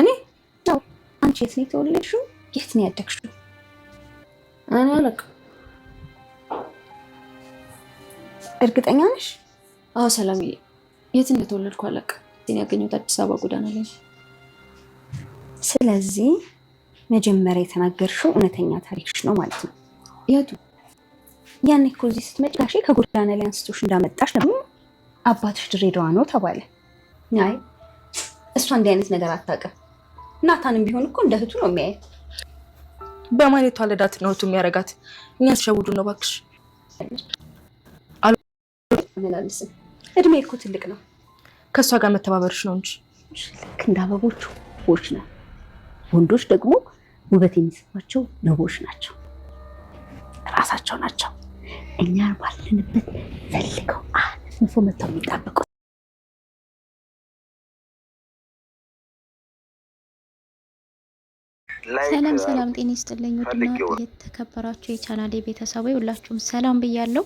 እኔ ነው። አንቺ የት ነው የተወለድሽው? የት ነው ያደግሽው? እኔ አላውቅም። እርግጠኛ ነሽ? አዎ ሰላምዬ፣ የት እንደተወለድኩ አላውቅም። እኔ ያገኘሁት አዲስ አበባ ጎዳና ላይ። ስለዚህ መጀመሪያ የተናገርሽው እውነተኛ ታሪክሽ ነው ማለት ነው። የቱ? ያኔ እኮ እዚህ ስትመጪ ጋሼ ከጎዳና ላይ አንስቶሽ እንዳመጣሽ ደግሞ አባትሽ ድሬዳዋ ነው ተባለ። አይ እሷ እንዲህ አይነት ነገር አታውቅም። ናታንም ቢሆን እኮ እንደ እህቱ ነው የሚያየት። በማን የተዋለዳት ነው እህቱ የሚያረጋት? እኛን ነው። እባክሽ አልመላለስም። እድሜ እኮ ትልቅ ነው። ከእሷ ጋር መተባበርሽ ነው እንጂ ልክ እንደ አበቦቹ ውቦች ነው። ወንዶች ደግሞ ውበት የሚሰማቸው ንቦች ናቸው፣ ራሳቸው ናቸው። እኛ ባለንበት ፈልገው አነፍንፎ መተው የሚጣበቀ ሰላም ሰላም፣ ጤና ይስጥልኝ ውድና የተከበራችሁ የቻናሌ ቤተሰቡ ሁላችሁም ሰላም ብያለሁ።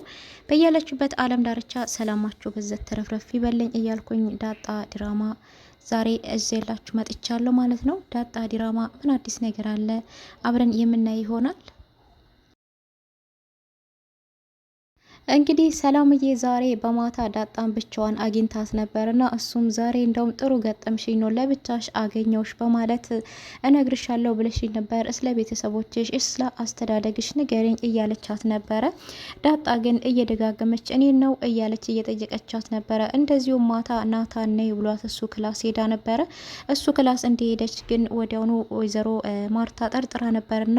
በያላችሁበት አለም ዳርቻ ሰላማችሁ በዘት ተረፍረፍ ይበልኝ እያልኩኝ ዳጣ ድራማ ዛሬ እዜላችሁ መጥቻለሁ ማለት ነው። ዳጣ ድራማ ምን አዲስ ነገር አለ? አብረን የምናይ ይሆናል። እንግዲህ ሰላምዬ ዛሬ በማታ ዳጣን ብቻዋን አግኝታት ነበርና እሱም ዛሬ እንደውም ጥሩ ገጠምሽኝ ነው ለብቻሽ አገኘውሽ በማለት እነግርሻለሁ ብለሽኝ ነበር፣ ስለ ቤተሰቦችሽ፣ ስለ አስተዳደግሽ ንገሪኝ እያለቻት ነበረ። ዳጣ ግን እየደጋገመች እኔ ነው እያለች እየጠየቀቻት ነበረ። እንደዚሁም ማታ ናታ ነይ ብሏት እሱ ክላስ ሄዳ ነበረ። እሱ ክላስ እንደሄደች ግን ወዲያውኑ ወይዘሮ ማርታ ጠርጥራ ነበርና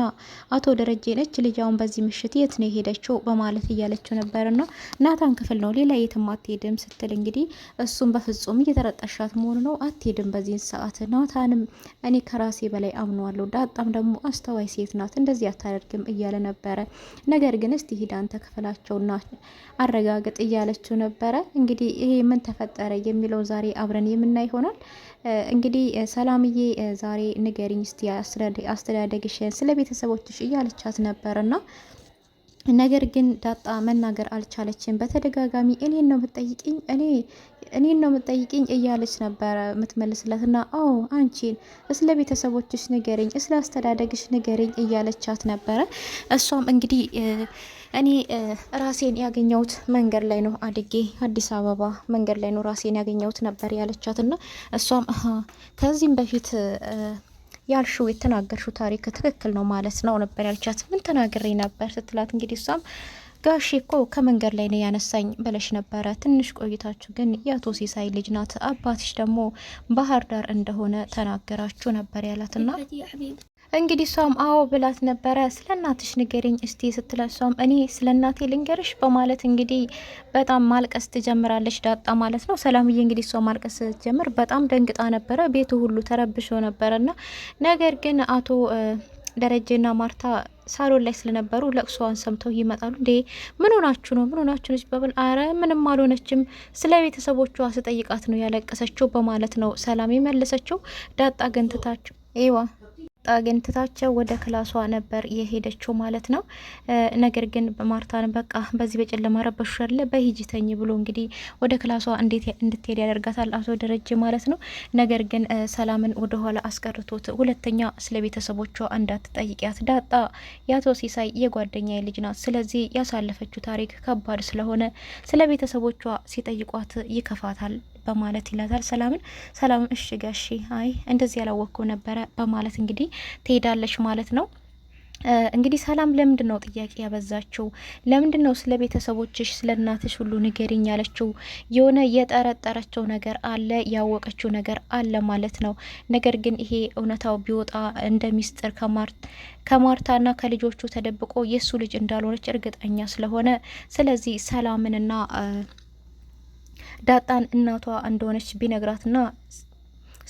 አቶ ደረጀ ነች ልጃውን በዚህ ምሽት የት ነው የሄደችው በማለት እያለችው ነበር ነበር ና ናታን ክፍል ነው ሌላ የትም አትሄድም ስትል እንግዲህ እሱም በፍጹም እየተረጠሻት መሆኑ ነው አትሄድም በዚህን ሰዓት። ናታንም እኔ ከራሴ በላይ አምነዋለሁ፣ ዳጣም ደግሞ አስተዋይ ሴት ናት፣ እንደዚህ አታደርግም እያለ ነበረ። ነገር ግን እስቲ ሂድ አንተ ና አረጋግጥ እያለችው ነበረ። እንግዲህ ይሄ ምን ተፈጠረ የሚለው ዛሬ አብረን የምናይ ይሆናል። እንግዲህ ሰላምዬ ዛሬ ንገሪኝ እስቲ አስተዳደግሽን ስለ ቤተሰቦችሽ እያለቻት ነበርና ነገር ግን ዳጣ መናገር አልቻለችም። በተደጋጋሚ እኔን ነው የምትጠይቅኝ እኔ እኔን ነው የምትጠይቅኝ እያለች ነበረ የምትመልስለት እና አዎ አንቺን፣ ስለ ቤተሰቦችሽ ንገርኝ፣ ስለ አስተዳደግሽ ንገርኝ እያለቻት ነበረ። እሷም እንግዲህ እኔ ራሴን ያገኘሁት መንገድ ላይ ነው አድጌ አዲስ አበባ መንገድ ላይ ነው ራሴን ያገኘሁት ነበር ያለቻት እና እሷም ከዚህም በፊት ያልሽው የተናገርሽው ታሪክ ትክክል ነው ማለት ነው ነበር ያልቻት። ምን ተናግሬ ነበር ስትላት እንግዲህ እሷም ጋሽ እኮ ከመንገድ ላይ ነው ያነሳኝ ብለሽ ነበረ። ትንሽ ቆይታችሁ ግን የአቶ ሲሳይ ልጅ ናት፣ አባትሽ ደግሞ ባህር ዳር እንደሆነ ተናገራችሁ ነበር ያላትና እንግዲህ እሷም አዎ ብላት ነበረ። ስለ እናትሽ ንገሪኝ እስቲ ስትላት እሷም እኔ ስለ እናቴ ልንገርሽ በማለት እንግዲህ በጣም ማልቀስ ትጀምራለች። ዳጣ ማለት ነው። ሰላምዬ እንግዲህ እሷ ማልቀስ ስትጀምር በጣም ደንግጣ ነበረ። ቤቱ ሁሉ ተረብሾ ነበረና ነገር ግን አቶ ደረጀና ማርታ ሳሎን ላይ ስለነበሩ ለቅሶዋን ሰምተው ይመጣሉ። እንዴ ምን ሆናችሁ ነው? ምን ሆናችሁ ነች በብል አረ ምንም አልሆነችም፣ ስለ ቤተሰቦቿ ስጠይቃት ነው ያለቀሰችው በማለት ነው ሰላም የመለሰችው። ዳጣ ገንትታችሁ ይዋ አግኝታቸው ወደ ክላሷ ነበር የሄደችው ማለት ነው። ነገር ግን ማርታን በቃ በዚህ በጨለማ ረበሻለ በሂጅተኝ ብሎ እንግዲህ ወደ ክላሷ እንዴት እንድትሄድ ያደርጋታል አቶ ደረጀ ማለት ነው። ነገር ግን ሰላምን ወደኋላ አስቀርቶት ሁለተኛ ስለ ቤተሰቦቿ እንዳትጠይቂያት ዳጣ የአቶ ሲሳይ የጓደኛ ልጅ ናት። ስለዚህ ያሳለፈችው ታሪክ ከባድ ስለሆነ ስለ ቤተሰቦቿ ሲጠይቋት ይከፋታል በማለት ይላታል። ሰላምን ሰላም እሺ ጋሺ፣ አይ እንደዚህ ያላወቅኩ ነበረ በማለት እንግዲህ ትሄዳለች ማለት ነው። እንግዲህ ሰላም ለምንድን ነው ጥያቄ ያበዛችው? ለምንድን ነው ስለ ቤተሰቦችሽ ስለ እናትሽ ሁሉ ንገሪኝ ያለችው? የሆነ የጠረጠረችው ነገር አለ፣ ያወቀችው ነገር አለ ማለት ነው። ነገር ግን ይሄ እውነታው ቢወጣ እንደ ሚስጥር ከማርታና ከልጆቹ ተደብቆ የእሱ ልጅ እንዳልሆነች እርግጠኛ ስለሆነ ስለዚህ ሰላምንና ዳጣን እናቷ እንደሆነች ቢነግራትና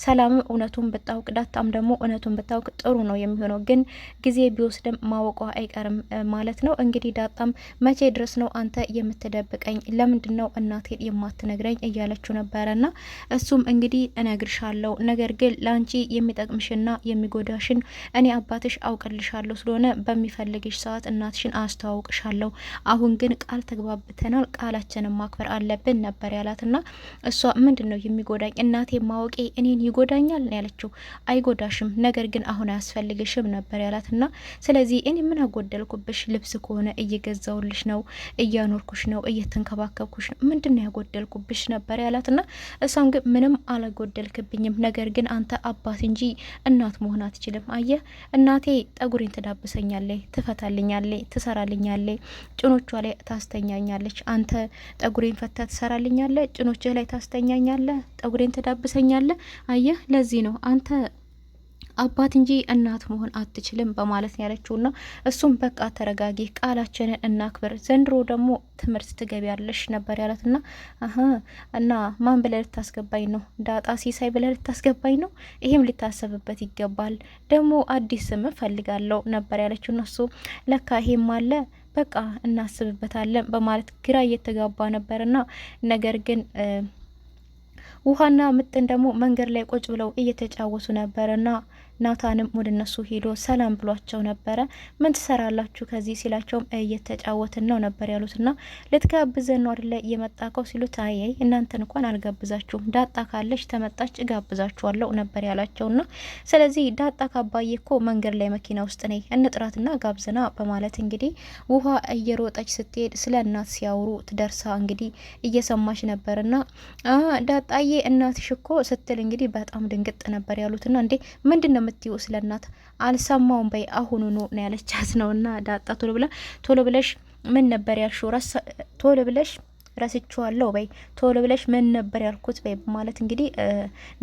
ሰላም እውነቱን ብታውቅ ዳታም ደግሞ እውነቱን ብታውቅ ጥሩ ነው የሚሆነው። ግን ጊዜ ቢወስድም ማወቋ አይቀርም ማለት ነው። እንግዲህ ዳጣም መቼ ድረስ ነው አንተ የምትደብቀኝ? ለምንድን ነው እናቴ የማትነግረኝ? እያለችው ነበረና እሱም እንግዲህ እነግርሻለሁ፣ ነገር ግን ለአንቺ የሚጠቅምሽና የሚጎዳሽን እኔ አባትሽ አውቅልሻለሁ፣ ስለሆነ በሚፈልግሽ ሰዓት እናትሽን አስተዋውቅሻለሁ። አሁን ግን ቃል ተግባብተናል፣ ቃላችንን ማክበር አለብን ነበር ያላትና እሷ ምንድን ነው የሚጎዳኝ እናቴ ማወቄ እኔን ይጎዳኛል ነው ያለችው። አይጎዳሽም፣ ነገር ግን አሁን አያስፈልግሽም ነበር ያላት ስለዚህ እኔ ምን አጎደልኩብሽ? ልብስ ከሆነ እየገዛውልሽ ነው፣ እያኖርኩሽ ነው፣ እየተንከባከብኩሽ ነው። ምንድን ነው ያጎደልኩብሽ ነበር ያላት እሷም ግን ምንም አላጎደልክብኝም፣ ነገር ግን አንተ አባት እንጂ እናት መሆን አትችልም። አየህ እናቴ ጠጉሬን ትዳብሰኛለች፣ ትፈታልኛለች፣ ትሰራልኛለች፣ ጭኖቿ ላይ ታስተኛኛለች። አንተ ጠጉሬን ፈታ ትሰራልኛለህ፣ ጭኖችህ ላይ ታስተኛኛለህ፣ ጠጉሬን ትዳብሰኛለህ አየህ ለዚህ ነው አንተ አባት እንጂ እናት መሆን አትችልም በማለት ነው ና እሱም በቃ ተረጋጊ፣ ቃላችንን እናክብር፣ ዘንድሮ ደግሞ ትምህርት ትገቢያለሽ ነበር ያላት ና እና ማን ብለህ ልታስገባኝ ነው? ዳጣ ሲሳይ ብለህ ልታስገባኝ ነው? ይሄም ሊታሰብበት ይገባል። ደግሞ አዲስ ስም ፈልጋለው ነበር ና እሱ ለካ ይሄም አለ በቃ እናስብበታለን በማለት ግራ እየተጋባ ና ነገር ግን ውሃና ምጥን ደግሞ መንገድ ላይ ቁጭ ብለው እየተጫወቱ ነበርና ናታንም ወደ እነሱ ሄዶ ሰላም ብሏቸው ነበረ። ምን ትሰራላችሁ ከዚህ ሲላቸውም እየተጫወትን ነው ነበር ያሉትና ልትጋብዘን ነው አደለ የመጣከው ሲሉት አየይ እናንተን እንኳን አልጋብዛችሁም ዳጣ ካለች ተመጣች እጋብዛችኋለሁ ነበር ያላቸውና ስለዚህ ዳጣ ካባዬ እኮ መንገድ ላይ መኪና ውስጥ ነኝ እንጥራትና ጋብዘና በማለት እንግዲህ ውሃ እየሮጠች ስትሄድ ስለ እናት ሲያወሩ ትደርሳ እንግዲህ እየሰማች ነበርና ዳጣዬ እናትሽ እኮ ስትል እንግዲህ በጣም ድንግጥ ነበር ያሉትና እንዴ ምንድን ነው የምትይው ስለ እናት አልሰማውም በይ አሁኑኑ ነው ያለቻት ነው። እና ዳጣ ቶሎ ብላ ቶሎ ብለሽ ምን ነበር ያልሽው? ቶሎ ብለሽ ረስቼዋለሁ በይ፣ ቶሎ ብለሽ ምን ነበር ያልኩት በይ ማለት እንግዲህ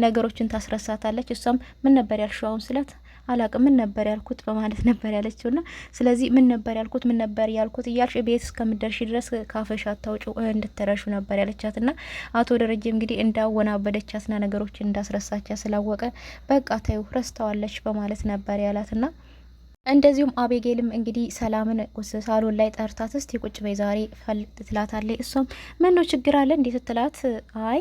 ነገሮችን ታስረሳታለች። እሷም ምን ነበር ያልሽው አሁን ስላት አላቅም ምን ነበር ያልኩት በማለት ነበር ያለችው ና ስለዚህ ምን ነበር ያልኩት ምን ነበር ያልኩት እያልሽ ቤት እስከምደርሽ ድረስ ካፈሽ አታውጭ እንድትረሹ ነበር ያለቻት ና አቶ ደረጀ እንግዲህ እንዳወናበደቻት ና ነገሮች እንዳስረሳቻ ስላወቀ በቃ ታዩ ረስተዋለች በማለት ነበር ያላት ና እንደዚሁም አቤጌልም እንግዲህ ሰላምን ሳሎን ላይ ጠርታት እስቲ ቁጭ በይ ዛሬ ትላታለች። እሷም ምነው ችግር አለ እንዴት ትላት አይ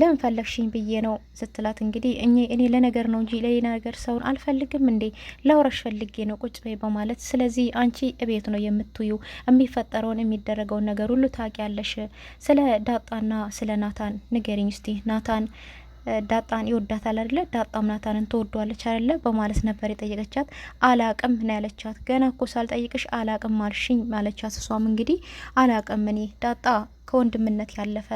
ለምን ፈለግሽኝ ብዬ ነው ስትላት፣ እንግዲህ እኔ እኔ ለነገር ነው እንጂ ለሌላ ነገር ሰውን አልፈልግም እንዴ ላውራሽ ፈልጌ ነው ቁጭ በይ በማለት ስለዚህ አንቺ እቤት ነው የምትዩ የሚፈጠረውን የሚደረገውን ነገር ሁሉ ታውቂያለሽ። ስለ ዳጣና ስለ ናታን ንገሪኝ እስቲ ናታን ዳጣን ይወዳታል አይደለ? ዳጣም ናታንን ትወዷለች አይደለ? በማለት ነበር የጠየቀቻት። አላቅም ምን ያለቻት። ገና እኮ ሳልጠይቅሽ አላቅም አልሽኝ ማለቻት። እሷም እንግዲህ አላቅም እኔ ዳጣ ከወንድምነት ያለፈ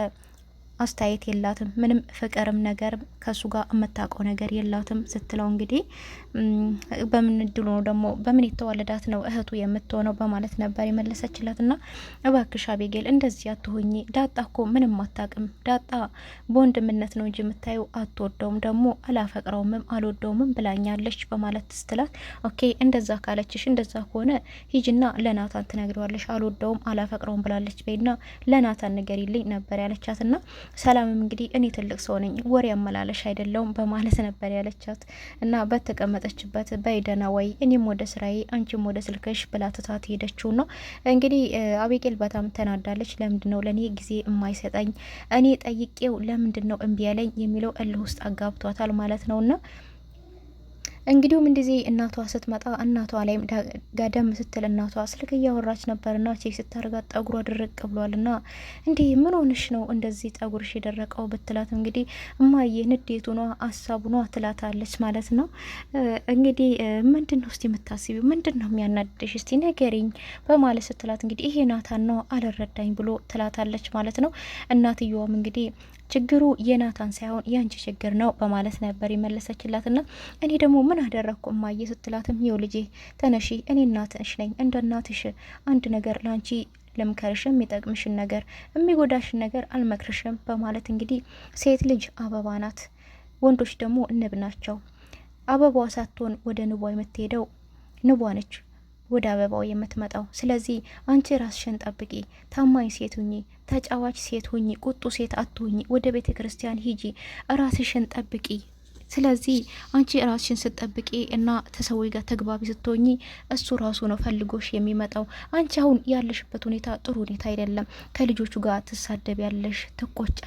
አስተያየት የላትም፣ ምንም ፍቅርም ነገር ከእሱ ጋር የምታውቀው ነገር የላትም ስትለው እንግዲህ በምን እድሉ ነው ደግሞ በምን የተዋለዳት ነው እህቱ የምትሆነው በማለት ነበር የመለሰችለት። ና እባክሽ አቤጌል እንደዚህ አትሆኚ፣ ዳጣ እኮ ምንም አታውቅም። ዳጣ በወንድምነት ነው እንጂ የምታየው አትወደውም፣ ደግሞ አላፈቅረውምም አልወደውምም ብላኛለች በማለት ስትላት፣ ኦኬ እንደዛ ካለችሽ እንደዛ ከሆነ ሂጅና ለናታን ትነግረዋለሽ አልወደውም አላፈቅረውም ብላለች በይና ለናታን ንገሪልኝ ነበር ያለቻት ና ሰላምም እንግዲህ እኔ ትልቅ ሰው ነኝ ወሬ አመላለሽ አይደለውም በማለት ነበር ያለቻት እና በተቀመጠችበት በይደና ወይ እኔም ወደ ስራዬ አንቺም ወደ ስልክሽ ብላ ትታት ሄደችው ነው እንግዲህ። አቤቄል በጣም ተናዳለች። ለምንድ ነው ለእኔ ጊዜ የማይሰጠኝ እኔ ጠይቄው ለምንድን ነው እምቢ ያለኝ የሚለው እልህ ውስጥ አጋብቷታል ማለት ነውና እንግዲሁም እንደዚህ እናቷ ስትመጣ እናቷ ላይም ጋደም ስትል እናቷ ስልክ እያወራች ነበርና ቼክ ስታደርጋት ጠጉሯ ድርቅ ብሏልና እንዲህ ምን ሆንሽ ነው እንደዚህ ጠጉርሽ የደረቀው ብትላት እንግዲህ እማዬ ንዴቱኗ አሳቡኗ ትላታለች ማለት ነው። እንግዲህ ምንድን ነው እስቲ የምታስቢ ምንድን ነው የሚያናድድሽ እስቲ ነገሪኝ በማለት ስትላት እንግዲህ ይሄ ናታን ነው አልረዳኝ ብሎ ትላታለች ማለት ነው። እናትየዋም እንግዲህ ችግሩ የናታን ሳይሆን ያንቺ ችግር ነው በማለት ነበር የመለሰችላትና እኔ ደግሞ ምን አደረግኩ እማዬ ስትላትም ይው ልጄ ተነሺ፣ እኔ እናትሽ ነኝ። እንደ እናትሽ አንድ ነገር ላንቺ ልምከርሽም የሚጠቅምሽን ነገር የሚጎዳሽን ነገር አልመክርሽም በማለት እንግዲህ ሴት ልጅ አበባ ናት፣ ወንዶች ደግሞ ንብ ናቸው። አበባዋ ሳትሆን ወደ ንቧ የምትሄደው ንቧ ነች ወደ አበባው የምትመጣው። ስለዚህ አንቺ ራስሽን ጠብቂ፣ ታማኝ ሴት ሁኚ፣ ተጫዋች ሴት ሁኚ፣ ቁጡ ሴት አትሁኚ። ወደ ቤተ ክርስቲያን ሂጂ፣ ራስሽን ጠብቂ ስለዚህ አንቺ ራስሽን ስትጠብቂ እና ተሰዎች ጋር ተግባቢ ስትሆኚ እሱ ራሱ ነው ፈልጎሽ የሚመጣው። አንቺ አሁን ያለሽበት ሁኔታ ጥሩ ሁኔታ አይደለም። ከልጆቹ ጋር ትሳደብ ያለሽ፣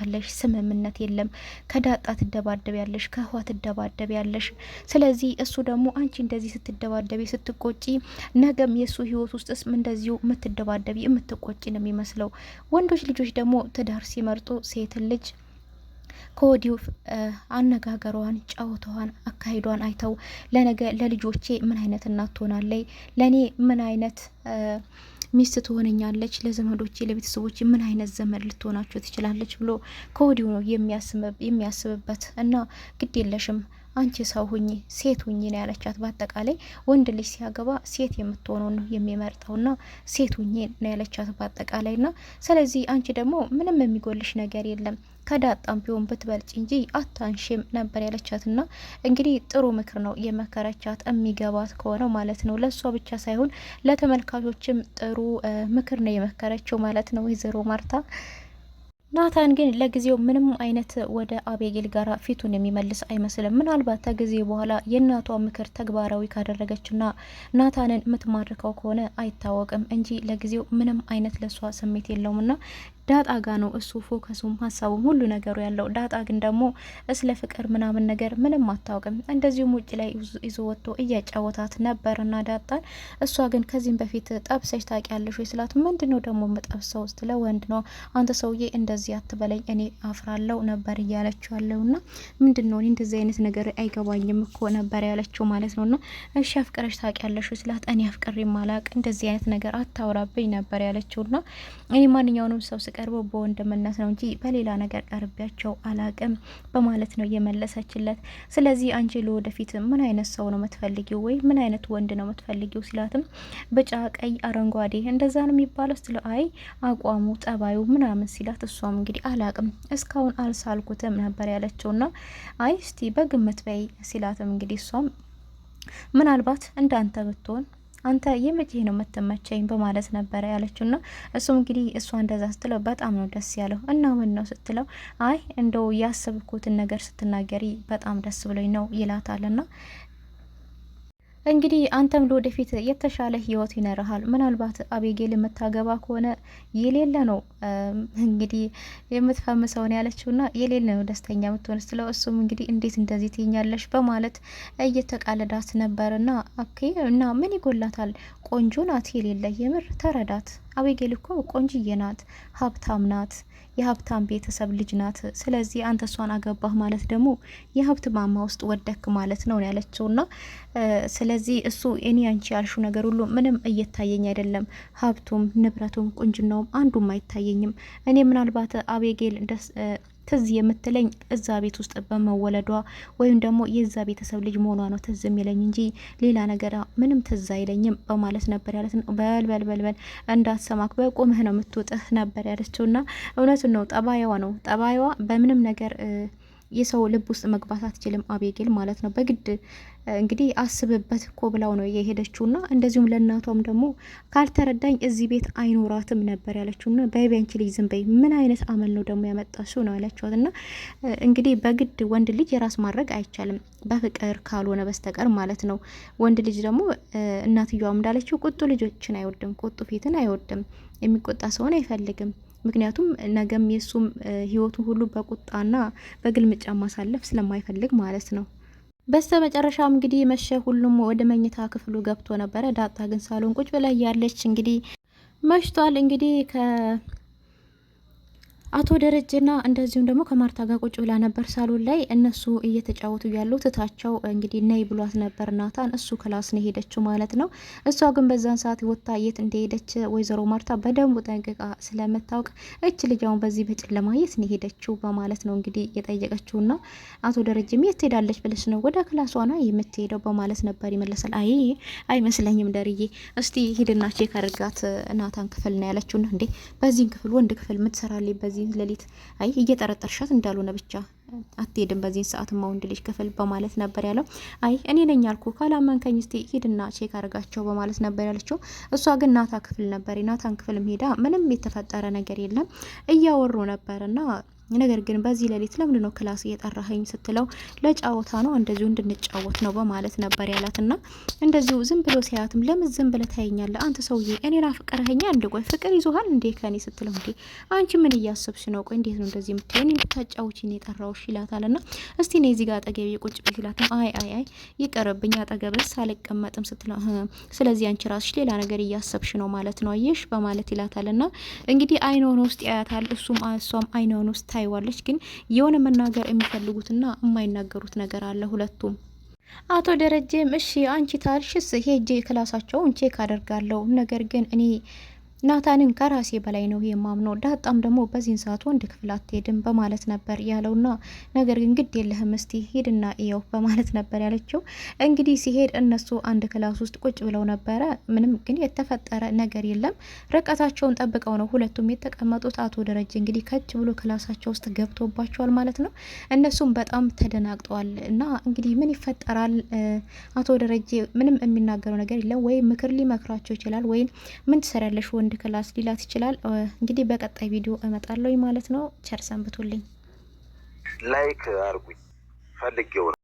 ያለሽ፣ ስምምነት የለም። ከዳጣ ትደባደብ ያለሽ፣ ከህዋ ትደባደብ ያለሽ። ስለዚህ እሱ ደግሞ አንቺ እንደዚህ ስትደባደቢ ስትቆጪ፣ ነገም የእሱ ህይወት ውስጥስ እንደዚሁ የምትደባደቢ የምትቆጭ ነው የሚመስለው። ወንዶች ልጆች ደግሞ ትዳር ሲመርጡ ሴትን ልጅ ከወዲሁ አነጋገሯን፣ ጨዋታዋን፣ አካሂዷን አይተው ለነገ ለልጆቼ ምን አይነት እናት ትሆናለች፣ ለእኔ ምን አይነት ሚስት ትሆነኛለች፣ ለዘመዶቼ ለቤተሰቦቼ ምን አይነት ዘመድ ልትሆናቸው ትችላለች ብሎ ከወዲሁ ነው የሚያስብበት እና ግድ የለሽም አንቺ ሰው ሁኚ፣ ሴት ሁኚ ነው ያለቻት። በአጠቃላይ ወንድ ልጅ ሲያገባ ሴት የምትሆነው ነው ና ሴት ሁኚ ነው ያለቻት በአጠቃላይ ና ስለዚህ አንቺ ደግሞ ምንም የሚጎልሽ ነገር የለም ከዳጣም ቢሆን ብትበልጭ እንጂ አታንሽም ነበር ያለቻትና እንግዲህ ጥሩ ምክር ነው የመከረቻት የሚገባት ከሆነው ማለት ነው። ለእሷ ብቻ ሳይሆን ለተመልካቾችም ጥሩ ምክር ነው የመከረችው ማለት ነው ወይዘሮ ማርታ ናታን ግን ለጊዜው ምንም አይነት ወደ አቤጌል ጋር ፊቱን የሚመልስ አይመስልም። ምናልባት ከጊዜ በኋላ የእናቷ ምክር ተግባራዊ ካደረገችና ናታንን የምትማርከው ከሆነ አይታወቅም እንጂ ለጊዜው ምንም አይነት ለሷ ስሜት የለውምና ዳጣ ጋ ነው እሱ ፎከሱም ሀሳቡም ሁሉ ነገሩ ያለው። ዳጣ ግን ደግሞ ስለ ፍቅር ምናምን ነገር ምንም አታውቅም። እንደዚሁም ውጭ ላይ ይዞ ወጥቶ እያጫወታት ነበርና ዳጣን እሷ ግን ከዚህም በፊት ጠብሰሽ ታውቂያለሽ ወይ ስላት ምንድን ነው ደግሞ የምጠብሰው ስትለ ወንድ ነው አንተ ሰውዬ እንደዚህ አትበለኝ እኔ አፍራለው ነበር እያለችው ያለውና ምንድን ነው እንደዚህ አይነት ነገር አይገባኝም እኮ ነበር ያለችው ማለት ነውና እሺ አፍቅረሽ ታውቂያለሽ ወይ ስላት እኔ አፍቅሬ ማላቅ እንደዚህ አይነት ነገር አታውራብኝ ነበር ያለችውና እኔ ማንኛውንም ሰው የምቀርበው በወንድምነት ነው እንጂ በሌላ ነገር ቀርቢያቸው አላቅም በማለት ነው የመለሰችለት። ስለዚህ አንቺ ለወደፊት ምን አይነት ሰው ነው የምትፈልጊው ወይ ምን አይነት ወንድ ነው የምትፈልጊው ሲላትም ብጫ፣ ቀይ፣ አረንጓዴ እንደዛ ነው የሚባለው ስትለው አይ አቋሙ፣ ጠባዩ ምናምን ሲላት እሷም እንግዲህ አላቅም እስካሁን አልሳልኩትም ነበር ያለችውና አይ እስቲ በግምት በይ ሲላትም እንግዲህ እሷም ምናልባት እንዳንተ ብትሆን አንተ የመቼ ነው የምትመቸኝ በማለት ነበረ ያለችው ና እሱም እንግዲህ እሷ እንደዛ ስትለው በጣም ነው ደስ ያለው እና ምን ነው ስትለው አይ እንደው ያሰብኩትን ነገር ስትናገሪ በጣም ደስ ብሎኝ ነው ይላታል ና እንግዲህ አንተም ለወደፊት የተሻለ ህይወት ይኖርሃል። ምናልባት አቤጌል የምታገባ ከሆነ የሌለ ነው እንግዲህ የምትፈምሰውን ያለችውና የሌለ ነው ደስተኛ የምትሆን ስለው እሱም እንግዲህ እንዴት እንደዚህ ትኛለሽ በማለት እየተቃለዳት ነበር። ና እና ምን ይጎላታል? ቆንጆ ናት የሌለ የምር ተረዳት አቤጌል እኮ ቆንጅዬ ናት፣ ሀብታም ናት፣ የሀብታም ቤተሰብ ልጅ ናት። ስለዚህ አንተ እሷን አገባህ ማለት ደግሞ የሀብት ማማ ውስጥ ወደክ ማለት ነው ያለችው ና ስለዚህ እሱ እኔ አንቺ ያልሹ ነገር ሁሉ ምንም እየታየኝ አይደለም። ሀብቱም ንብረቱም ቁንጅናውም አንዱም አይታየኝም። እኔ ምናልባት አቤጌል ትዝ የምትለኝ እዛ ቤት ውስጥ በመወለዷ ወይም ደግሞ የዛ ቤተሰብ ልጅ መሆኗ ነው ትዝ የሚለኝ እንጂ ሌላ ነገር ምንም ትዝ አይለኝም በማለት ነበር ያለት ነው። በል በል በል በል እንዳትሰማክ በቁምህ ነው የምትውጥህ ነበር ያለችው። ና እውነቱን ነው፣ ጠባይዋ ነው ጠባይዋ በምንም ነገር የሰው ልብ ውስጥ መግባት አትችልም አቤጌል ማለት ነው። በግድ እንግዲህ አስብበት እኮ ብላው ነው ና እንደዚሁም ለእናቷም ደግሞ ካልተረዳኝ እዚህ ቤት አይኖራትም ነበር ያለችውና በቢያንቺ ልጅ ዝም በይ ምን አይነት አመል ነው ደግሞ ያመጣሽው ነው ያለችዋት። ና እንግዲህ በግድ ወንድ ልጅ የራስ ማድረግ አይቻልም በፍቅር ካልሆነ በስተቀር ማለት ነው። ወንድ ልጅ ደግሞ እናትየዋም እንዳለችው ቁጡ ልጆችን አይወድም፣ ቁጡ ፊትን አይወድም፣ የሚቆጣ ሰውን አይፈልግም። ምክንያቱም ነገም የሱም ህይወቱን ሁሉ በቁጣና በግልምጫ ማሳለፍ ስለማይፈልግ ማለት ነው። በስተ መጨረሻም እንግዲህ መሸ። ሁሉም ወደ መኝታ ክፍሉ ገብቶ ነበረ። ዳጣ ግን ሳሎን ቁጭ ብላ ያለች እንግዲህ መሽቷል እንግዲህ አቶ ደረጀና እንደዚሁም ደግሞ ከማርታ ጋር ቁጭ ብላ ነበር ሳሎን ላይ እነሱ እየተጫወቱ ያሉ ትታቸው እንግዲህ ነይ ብሏት ነበር ናታን። እሱ ክላስ ነው ሄደችው ማለት ነው። እሷ ግን በዛን ሰዓት ወታ የት እንደሄደች ወይዘሮ ማርታ በደንቡ ጠንቅቃ ስለምታውቅ እች ልጃውን በዚህ በጨለማ የት ነው ሄደችው በማለት ነው እንግዲህ ና አቶ ደረጀም የት ትሄዳለች ብለሽ ነው ወደ ክላሷና የምትሄደው በማለት ነበር ይመለሳል። አይ አይመስለኝም ደርዬ፣ እስቲ ሂድና ቼክ አድርጋት ናታን ክፍል ነው ያለችው። ና እንዴ በዚህን ክፍል ወንድ ክፍል የምትሰራልኝ በዚህ ሌሊት አይ እየጠረጠርሻት እንዳልሆነ ብቻ አትሄድም በዚህን ሰዓት ማወንድ ልጅ ክፍል በማለት ነበር ያለው። አይ እኔ ነኝ አልኩ ካላመንከኝ እስቲ ሂድና ቼክ አድርጋቸው በማለት ነበር ያለችው። እሷ ግን ናታ ክፍል ነበር ናታን ክፍልም ሄዳ ምንም የተፈጠረ ነገር የለም እያወሩ ነበርና ነገር ግን በዚህ ሌሊት ለምንድን ነው ክላስ እየጠራኸኝ ስትለው ለጫወታ ነው እንደዚሁ እንድንጫወት ነው በማለት ነበር ያላት። እና እንደዚሁ ዝም ብሎ ሲያያትም ለምን ዝም ብለ ታየኛለ አንተ ሰውዬ እኔን አፍቅረኸኛ እንደ ቆይ ፍቅር ይዞሃል እንዴ ከኔ ስትለው እንዴ አንቺ ምን እያሰብሽ ነው? ቆይ እንዴት ነው እንደዚህ የምትይው? እኔን የጠራውሽ ይላታል። እና እስቲ ነ ዚጋ ጋር የቁጭ ቁጭ ብይ ይላትም አይ አይ አይ ይቀረብኝ አጠገብስ አልቀመጥም ስትለው ስለዚህ አንቺ ራስሽ ሌላ ነገር እያሰብሽ ነው ማለት ነው አየሽ በማለት ይላታል። እና እንግዲህ አይኖን ውስጥ ያያታል እሱም እሷም አይኖን ውስጥ ታይዋለች። ግን የሆነ መናገር የሚፈልጉትና የማይናገሩት ነገር አለ ሁለቱም አቶ ደረጀም እሺ አንቺ ታልሽስ ሄጄ ክላሳቸውን ቼክ አደርጋለሁ፣ ነገር ግን እኔ ናታንን ከራሴ በላይ ነው የማምነው፣ ዳጣም ደግሞ በዚህን ሰዓት ወንድ ክፍል አትሄድም በማለት ነበር ያለውና ነገር ግን ግድ የለህም እስቲ ሂድና እየው በማለት ነበር ያለችው። እንግዲህ ሲሄድ እነሱ አንድ ክላስ ውስጥ ቁጭ ብለው ነበረ። ምንም ግን የተፈጠረ ነገር የለም። ርቀታቸውን ጠብቀው ነው ሁለቱም የተቀመጡት። አቶ ደረጀ እንግዲህ ከች ብሎ ክላሳቸው ውስጥ ገብቶባቸዋል ማለት ነው። እነሱም በጣም ተደናግጠዋል። እና እንግዲህ ምን ይፈጠራል? አቶ ደረጀ ምንም የሚናገረው ነገር የለም። ወይም ምክር ሊመክራቸው ይችላል፣ ወይም ምን ትሰሪያለሽ ወንድ አንድ ክላስ ሊላት ይችላል። እንግዲህ በቀጣይ ቪዲዮ እመጣለሁ ማለት ነው። ቸር ሰንብቱልኝ። ላይክ አርጉኝ ፈልጌው ነው።